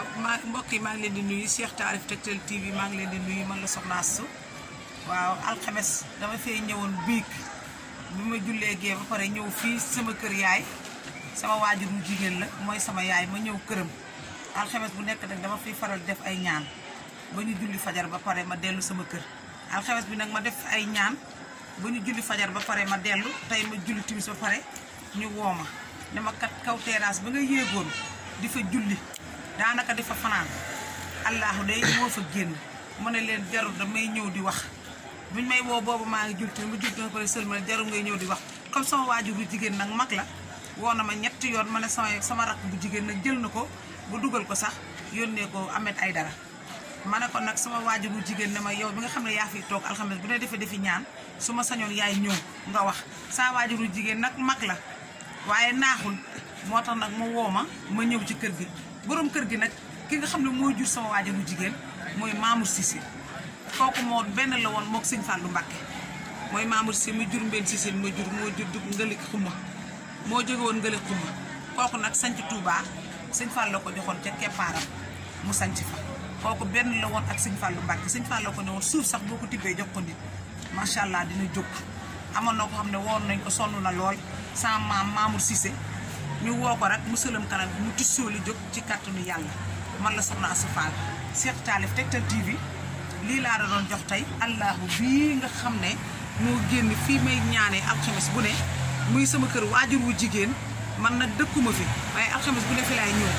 waaw ma maa ngi leen di nuyu Cheikh Taarif Tektal TV maa leen di nuyu man la Soxna waaw alxames dama fee ñëwoon biig bi ma jullee gee ba pare ñëw fii sama kër yaay sama waajur mu jigéen la mooy sama yaay ma ñëw këram alxames bu nekk nag dama fiy faral def ay ñaan ba ñu julli fajar ba pare ma dellu sama kër alxames bi nag ma def ay ñaan ba ñu julli fajar ba pare ma dellu tey ma julli timis ba pare ñu woo ma dama kat kaw terrasse ba nga yéegoon di fa daanaka dafa fanaan allahu day moo fa génn mu ne leen jarul may ñëw di wax buñ may woo boobu maa ngi julti mu julti ko pare sëlmal jarul ngay ñëw di wax comme sama waajur bu jigéen nag mag la woo na ma ñetti yoon ma ne sama bu jigéen nag jël na ko bu dugal ko sax yónnee ko amet ay dara ma ne ko nag sama waajur bu jigéen ne ma yow bi nga xam ne yaa fi toog alxames bu ne defee defi ñaan su ma sañoon yaay ñëw nga wax saa waajur jigéen nag mag la waaye naaxul moo tax nag mu woo ma ma ñëw ci kër gi boroom kër gi nag ki nga xam ne mooy jur sama waajuru jigéen mooy Mamour Cissé kooku moo benn la woon moog sëñ Fallou mooy Mamour Cissé mu jur mbenn Cissé ma jur moo jur ngëlik xuma moo jóge woon ngëlik xuma kooku nag sanc Touba sëñ Fallou ko joxoon ca keppaaram mu sanc fa kooku benn la woon ak sëñ Fallou Mbacké sëñ Fallou ko ne woon suuf sax boo ko tibbee jox ko nit macha allah dina jóg amoon na ko xam ne woon nañ ko sonn na lool sama maam Mamour Cissé ñu woo ko rek musalam kanam bu mu tissoo li jóg ci kàttanu yàlla man la soxna Astou Fall Cheikh Taalif Tektal TV lii laa doon jox tey allahu bii nga xam ne moo génn fii may ñaanee alxames bu ne muy sama kër waajur wu jigéen man na dëkkuma fi waaye alxames bu ne fi laay ñëw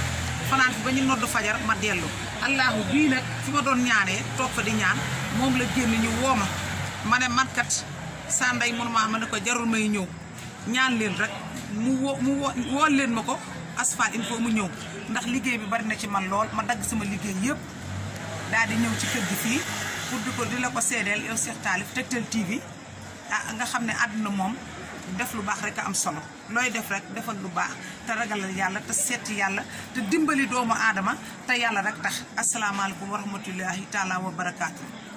fanaan fi ba ñu nodd fajar ma dellu allahu bii nag fi ma doon ñaanee toog fa di ñaan moom la génn ñu woo ma ma ne man kat saa ndey mënuma ma ne ko jarul may ñëw ñaan leen rek mu wo mu wo wool leen ma ko asfal il faut mu ñëw ndax liggéey bi bari na ci man lool ma dagg sama liggéey yëpp daal di ñëw ci kër gi fii pour di ko di la ko seedeel yow Cheikh Talif Tektal TV ah nga xam ne àdduna moom def lu baax rek a am solo looy def rek defal lu baax te ragalal yàlla te seeti yàlla te dimbali doomu aadama te yàlla rek tax asalaamaaleykum wa rahmatullahi taala wa barakaatu.